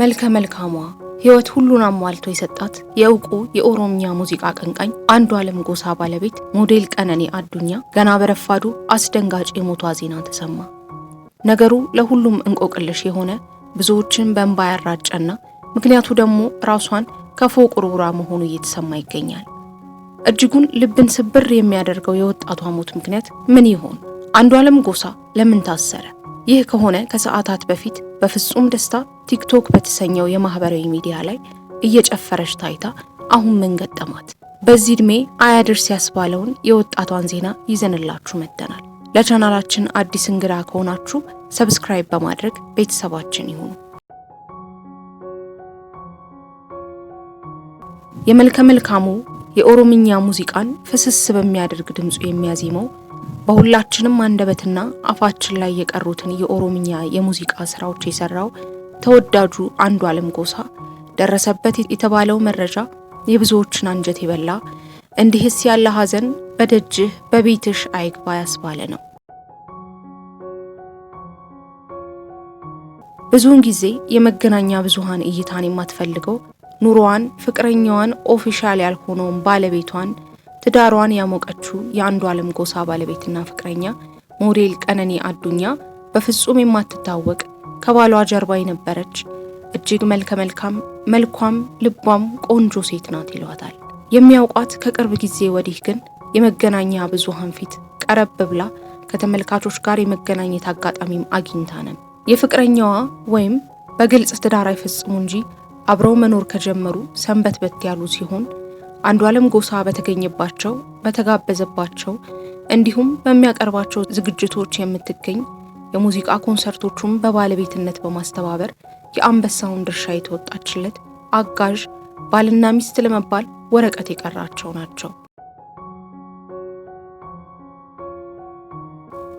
መልከ መልካሟ ህይወት ሁሉን አሟልቶ የሰጣት የእውቁ የኦሮምኛ ሙዚቃ አቀንቃኝ አንዷለም ጎሳ ባለቤት ሞዴል ቀነኔ አዱኛ ገና በረፋዱ አስደንጋጭ የሞቷ ዜና ተሰማ። ነገሩ ለሁሉም እንቆቅልሽ የሆነ ብዙዎችን በእንባ ያራጨና ምክንያቱ ደግሞ ራሷን ከፎቅ ሩራ መሆኑ እየተሰማ ይገኛል። እጅጉን ልብን ስብር የሚያደርገው የወጣቷ ሞት ምክንያት ምን ይሆን? አንዷለም ጎሳ ለምን ታሰረ? ይህ ከሆነ ከሰዓታት በፊት በፍጹም ደስታ ቲክቶክ በተሰኘው የማህበራዊ ሚዲያ ላይ እየጨፈረች ታይታ አሁን ምን ገጠማት? በዚህ እድሜ አያድርስ ያስባለውን የወጣቷን ዜና ይዘንላችሁ መጥተናል። ለቻናላችን አዲስ እንግዳ ከሆናችሁ ሰብስክራይብ በማድረግ ቤተሰባችን ይሁኑ። የመልከ መልካሙ የኦሮምኛ ሙዚቃን ፍስስ በሚያደርግ ድምፁ የሚያዜመው በሁላችንም አንደበትና አፋችን ላይ የቀሩትን የኦሮምኛ የሙዚቃ ስራዎች የሰራው ተወዳጁ አንዱ አለም ጎሳ ደረሰበት የተባለው መረጃ የብዙዎችን አንጀት የበላ እንዲህስ ያለ ሐዘን በደጅህ በቤትሽ አይግባ ያስባለ ነው። ብዙውን ጊዜ የመገናኛ ብዙሃን እይታን የማትፈልገው ኑሮዋን፣ ፍቅረኛዋን፣ ኦፊሻል ያልሆነውን ባለቤቷን ትዳሯን ያሞቀችው የአንዱ ዓለም ጎሳ ባለቤትና ፍቅረኛ ሞዴል ቀነኒ አዱኛ በፍጹም የማትታወቅ ከባሏ ጀርባ የነበረች እጅግ መልከ መልካም መልኳም ልቧም ቆንጆ ሴት ናት ይሏታል። የሚያውቋት ከቅርብ ጊዜ ወዲህ ግን የመገናኛ ብዙሃን ፊት ቀረብ ብላ ከተመልካቾች ጋር የመገናኘት አጋጣሚም አግኝታ ነም። የፍቅረኛዋ ወይም በግልጽ ትዳር አይፈጽሙ እንጂ አብረው መኖር ከጀመሩ ሰንበት በት ያሉ ሲሆን አንዷለም ጎሳ በተገኘባቸው በተጋበዘባቸው እንዲሁም በሚያቀርባቸው ዝግጅቶች የምትገኝ የሙዚቃ ኮንሰርቶቹም በባለቤትነት በማስተባበር የአንበሳውን ድርሻ የተወጣችለት አጋዥ ባልና ሚስት ለመባል ወረቀት የቀራቸው ናቸው።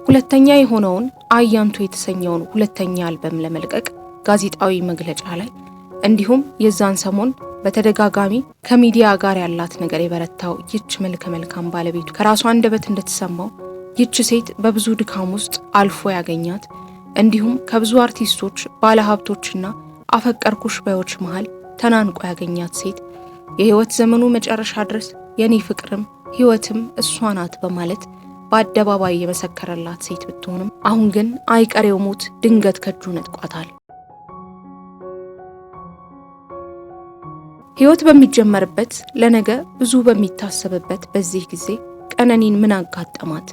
ሁለተኛ የሆነውን አያንቱ የተሰኘውን ሁለተኛ አልበም ለመልቀቅ ጋዜጣዊ መግለጫ ላይ እንዲሁም የዛን ሰሞን በተደጋጋሚ ከሚዲያ ጋር ያላት ነገር የበረታው ይች መልከ መልካም ባለቤቱ ከራሷ አንደበት እንደተሰማው ይች ሴት በብዙ ድካም ውስጥ አልፎ ያገኛት እንዲሁም ከብዙ አርቲስቶች ባለሀብቶችና አፈቀርኩሽ ባዮች መሃል ተናንቆ ያገኛት ሴት የህይወት ዘመኑ መጨረሻ ድረስ የኔ ፍቅርም ህይወትም እሷ ናት በማለት በአደባባይ የመሰከረላት ሴት ብትሆንም አሁን ግን አይቀሬው ሞት ድንገት ከእጁ ነጥቋታል። ህይወት በሚጀመርበት ለነገ ብዙ በሚታሰብበት በዚህ ጊዜ ቀነኒን ምን አጋጠማት?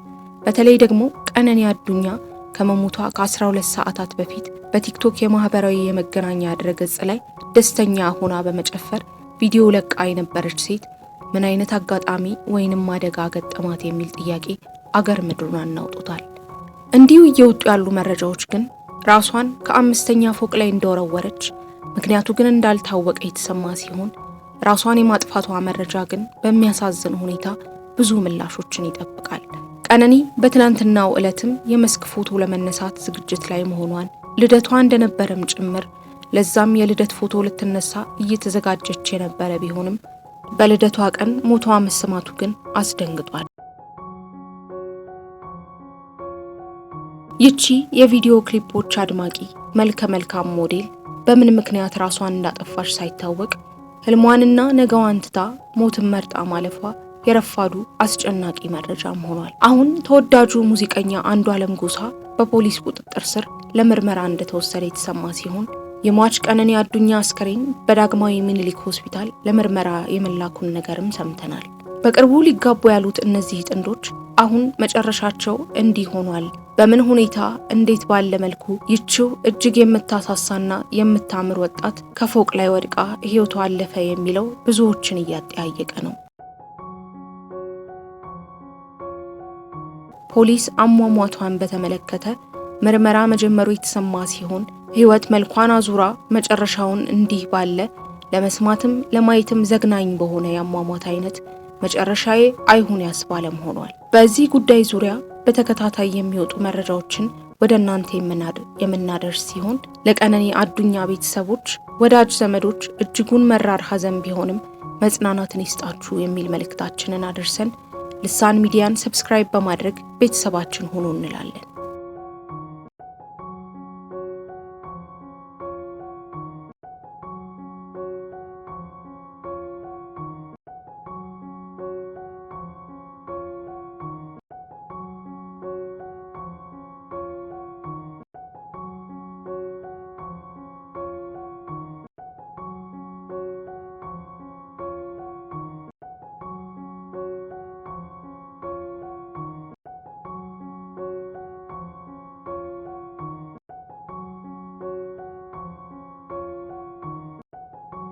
በተለይ ደግሞ ቀነኒ አዱኛ ከመሞቷ ከ12 ሰዓታት በፊት በቲክቶክ የማህበራዊ የመገናኛ ድረገጽ ላይ ደስተኛ ሆና በመጨፈር ቪዲዮ ለቃ የነበረች ሴት ምን አይነት አጋጣሚ ወይንም አደጋ ገጠማት የሚል ጥያቄ አገር ምድሩን አናውጡታል። እንዲሁ እየወጡ ያሉ መረጃዎች ግን ራሷን ከአምስተኛ ፎቅ ላይ እንደወረወረች ምክንያቱ ግን እንዳልታወቀ የተሰማ ሲሆን ራሷን የማጥፋቷ መረጃ ግን በሚያሳዝን ሁኔታ ብዙ ምላሾችን ይጠብቃል። ቀነኒ በትናንትናው ዕለትም የመስክ ፎቶ ለመነሳት ዝግጅት ላይ መሆኗን ልደቷ እንደነበረም ጭምር ለዛም የልደት ፎቶ ልትነሳ እየተዘጋጀች የነበረ ቢሆንም በልደቷ ቀን ሞቷ መሰማቱ ግን አስደንግጧል። ይቺ የቪዲዮ ክሊፖች አድማቂ መልከ መልካም ሞዴል በምን ምክንያት ራሷን እንዳጠፋች ሳይታወቅ ህልሟንና ነገዋን ትታ ሞትን መርጣ ማለፏ የረፋዱ አስጨናቂ መረጃም ሆኗል። አሁን ተወዳጁ ሙዚቀኛ አለም ጎሳ በፖሊስ ቁጥጥር ስር ለምርመራ እንደተወሰደ የተሰማ ሲሆን የሟች ቀነኒ አዱኛ አስከሬን በዳግማዊ ምኒልክ ሆስፒታል ለምርመራ የመላኩን ነገርም ሰምተናል። በቅርቡ ሊጋቡ ያሉት እነዚህ ጥንዶች አሁን መጨረሻቸው እንዲህ ሆኗል በምን ሁኔታ እንዴት ባለ መልኩ ይቺው እጅግ የምታሳሳና የምታምር ወጣት ከፎቅ ላይ ወድቃ ህይወቷ አለፈ የሚለው ብዙዎችን እያጠያየቀ ነው። ፖሊስ አሟሟቷን በተመለከተ ምርመራ መጀመሩ የተሰማ ሲሆን ህይወት መልኳን አዙራ መጨረሻውን እንዲህ ባለ ለመስማትም ለማየትም ዘግናኝ በሆነ የአሟሟት አይነት መጨረሻዬ አይሁን ያስባለም ሆኗል። በዚህ ጉዳይ ዙሪያ በተከታታይ የሚወጡ መረጃዎችን ወደ እናንተ የምናደርስ ሲሆን ለቀነኒ አዱኛ ቤተሰቦች፣ ወዳጅ ዘመዶች እጅጉን መራር ሐዘን ቢሆንም መጽናናትን ይስጣችሁ የሚል መልእክታችንን አድርሰን ልሳን ሚዲያን ሰብስክራይብ በማድረግ ቤተሰባችን ሁኑ እንላለን።